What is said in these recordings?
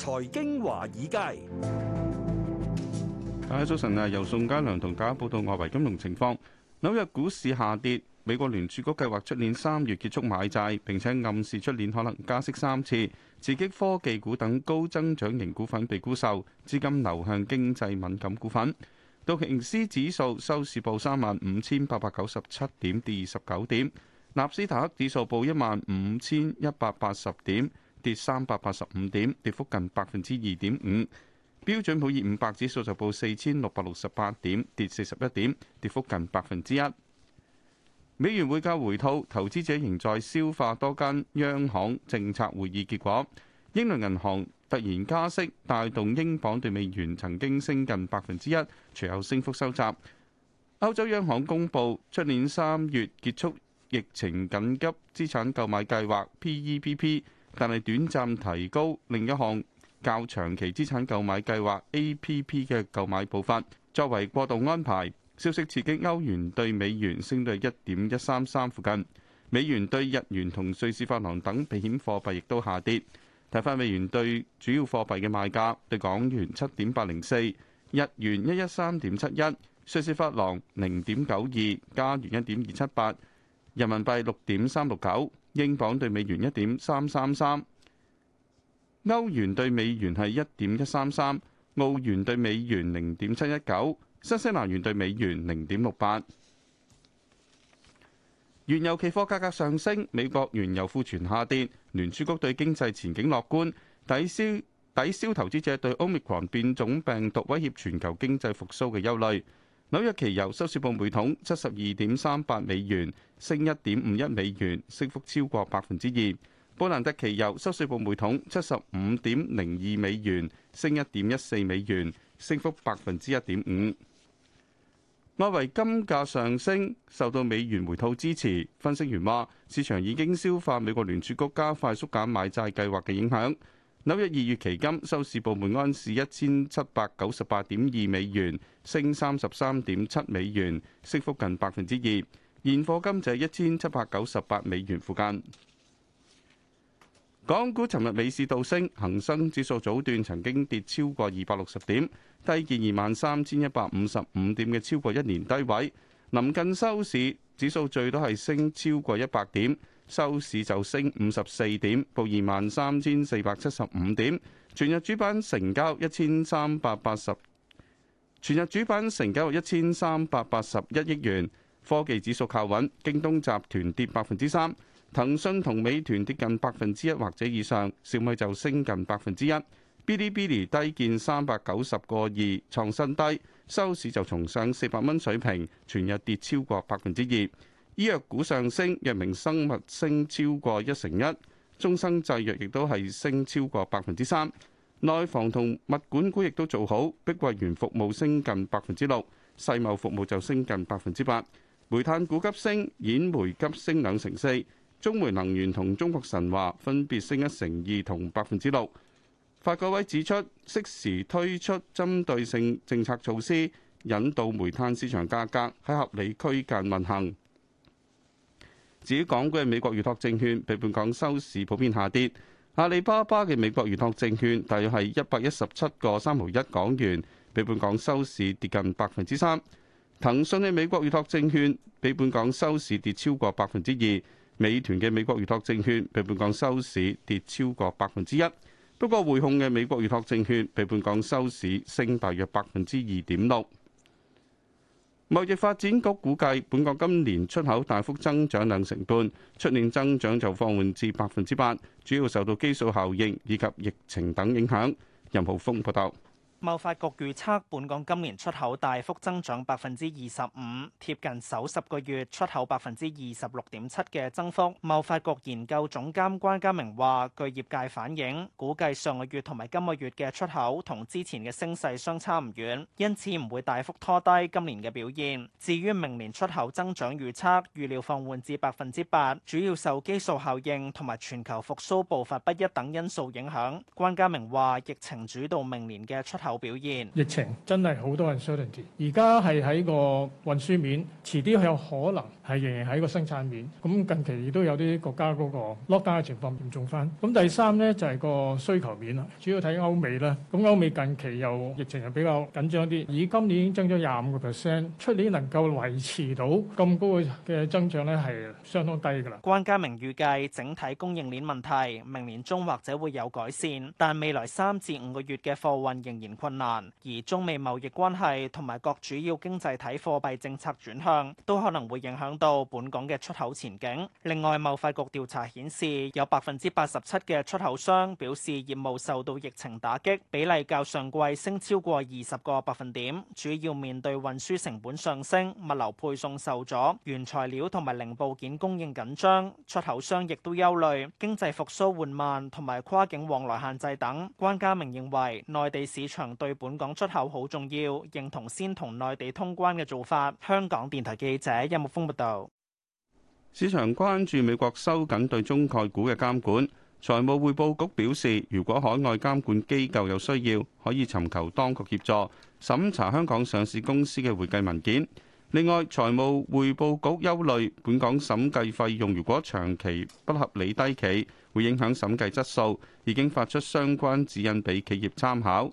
財經華爾街，大家早晨啊！由宋嘉良同大家報道外圍金融情況。紐約股市下跌，美國聯儲局計劃出年三月結束買債，並且暗示出年可能加息三次，刺激科技股等高增長型股份被沽售，資金流向經濟敏感股份。道瓊斯指數收市報三萬五千八百九十七點，跌二十九點；納斯達克指數報一萬五千一百八十點。跌三百八十五點，跌幅近百分之二點五。標準普爾五百指數就報四千六百六十八點，跌四十一點，跌幅近百分之一。美元匯價回吐，投資者仍在消化多間央行政策會議結果。英倫銀行突然加息，帶動英鎊對美元曾經升近百分之一，隨後升幅收窄。歐洲央行公布出年三月結束疫情緊急資產購買計劃 （PEPP）。P 但係短暫提高另一項較長期資產購買計劃 APP 嘅購買步伐，作為過渡安排。消息刺激歐元對美元升到一點一三三附近，美元對日元同瑞士法郎等避險貨幣亦都下跌。睇返美元對主要貨幣嘅賣價，對港元七點八零四，日元一一三點七一，瑞士法郎零點九二，加元一點二七八，人民幣六點三六九。英鎊對美元一點三三三，歐元對美元係一點一三三，澳元對美元零點七一九，新西蘭元對美元零點六八。原油期貨價格上升，美國原油庫存下跌，聯儲局對經濟前景樂觀，抵消抵消投資者對 Omicron 變種病毒威脅全球經濟復蘇嘅憂慮。紐約期油收市報每桶七十二點三八美元，升一點五一美元，升幅超過百分之二。布蘭特期油收市報每桶七十五點零二美元，升一點一四美元，升幅百分之一點五。外圍金價上升，受到美元回吐支持。分析員話，市場已經消化美國聯儲局加快縮減買債計劃嘅影響。紐約二月期金收市報每安士一千七百九十八點二美元，升三十三點七美元，升幅近百分之二。現貨金就係一千七百九十八美元附近。港股尋日尾市倒升，恒生指數早段曾經跌超過二百六十點，低見二萬三千一百五十五點嘅超過一年低位。臨近收市，指數最多係升超過一百點，收市就升五十四點，報二萬三千四百七十五點。全日主板成交一千三百八十，全日主板成交一千三百八十一億元。科技指數靠穩，京東集團跌百分之三，騰訊同美團跌近百分之一或者以上，小米就升近百分之一。Bilibili 低見三百九十個二，創新低。收市就重上四百蚊水平，全日跌超過百分之二。醫藥股上升，藥明生物升超過一成一，中生製藥亦都係升超過百分之三。內房同物管股亦都做好，碧桂園服務升近百分之六，世茂服務就升近百分之八。煤炭股急升，兗煤急升兩成四，中煤能源同中國神華分別升一成二同百分之六。發改委指出，適時推出針對性政策措施，引導煤炭市場價格喺合理區間運行。至於港股嘅美國預託證券，比本港收市普遍下跌。阿里巴巴嘅美國預託證券大約係一百一十七個三毫一港元，比本港收市跌近百分之三。騰訊嘅美國預託證券比本港收市跌超過百分之二。美團嘅美國預託證券比本港收市跌超過百分之一。不過，匯控嘅美國預託證券被本港收市升大約百分之二點六。貿易發展局估計，本港今年出口大幅增長兩成半，出年增長就放緩至百分之八，主要受到基數效應以及疫情等影響。任浩峰報道。貿發局預測，本港今年出口大幅增長百分之二十五，貼近首十個月出口百分之二十六點七嘅增幅。貿發局研究總監關家明話，據業界反映，估計上個月同埋今個月嘅出口同之前嘅升勢相差唔遠，因此唔會大幅拖低今年嘅表現。至於明年出口增長預測，預料放緩至百分之八，主要受基數效應同埋全球復蘇步伐不一等因素影響。關家明話，疫情主導明年嘅出口。有表現，疫情真係好多人。而家係喺個運輸面，遲啲有可能係仍然喺個生產面。咁近期亦都有啲國家嗰個 lockdown 嘅情況嚴重翻。咁第三呢，就係個需求面啦，主要睇歐美啦。咁歐美近期又疫情又比較緊張啲，以今年已經增咗廿五個 percent，出年能夠維持到咁高嘅增長呢，係相當低㗎啦。關家明預計整體供應鏈問題明年中或者會有改善，但未來三至五個月嘅貨運仍然。困難，而中美貿易關係同埋各主要經濟體貨幣政策轉向，都可能會影響到本港嘅出口前景。另外，貿發局調查顯示，有百分之八十七嘅出口商表示業務受到疫情打擊，比例較上季升超過二十個百分點。主要面對運輸成本上升、物流配送受阻、原材料同埋零部件供應緊張，出口商亦都憂慮經濟復蘇緩慢同埋跨境往來限制等。關家明認為，內地市場。對本港出口好重要，認同先同內地通關嘅做法。香港電台記者音木峯報道，市場關注美國收緊對中概股嘅監管。財務匯報局表示，如果海外監管機構有需要，可以尋求當局協助審查香港上市公司嘅會計文件。另外，財務匯報局憂慮本港審計費用如果長期不合理低企，會影響審計質素，已經發出相關指引俾企業參考。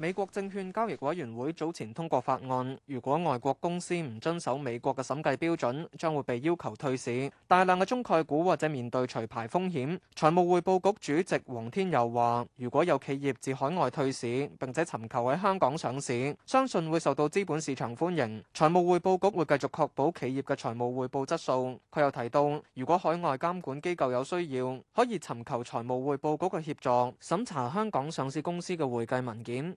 美國證券交易委員會早前通過法案，如果外國公司唔遵守美國嘅審計標準將會被要求退市。大量嘅中概股或者面對除牌風險，財務匯報局主席黃天佑話，如果有企業自海外退市並且尋求喺香港上市，相信會受到資本市場歡迎。財務匯報局會繼續確保企業嘅財務匯報質素。佢又提到，如果海外監管機構有需要，可以尋求財務匯報局嘅協助審查香港上市公司嘅會計文件。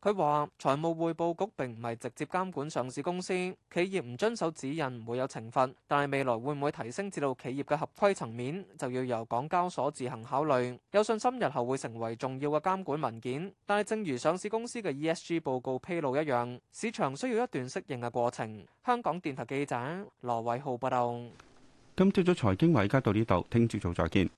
佢話財務匯報局並唔係直接監管上市公司，企業唔遵守指引唔會有懲罰，但係未來會唔會提升至到企業嘅合規層面，就要由港交所自行考慮。有信心日後會成為重要嘅監管文件，但係正如上市公司嘅 ESG 報告披露一樣，市場需要一段適應嘅過程。香港電台記者羅偉浩報道。今朝早財經委家到呢度，聽朝早再見。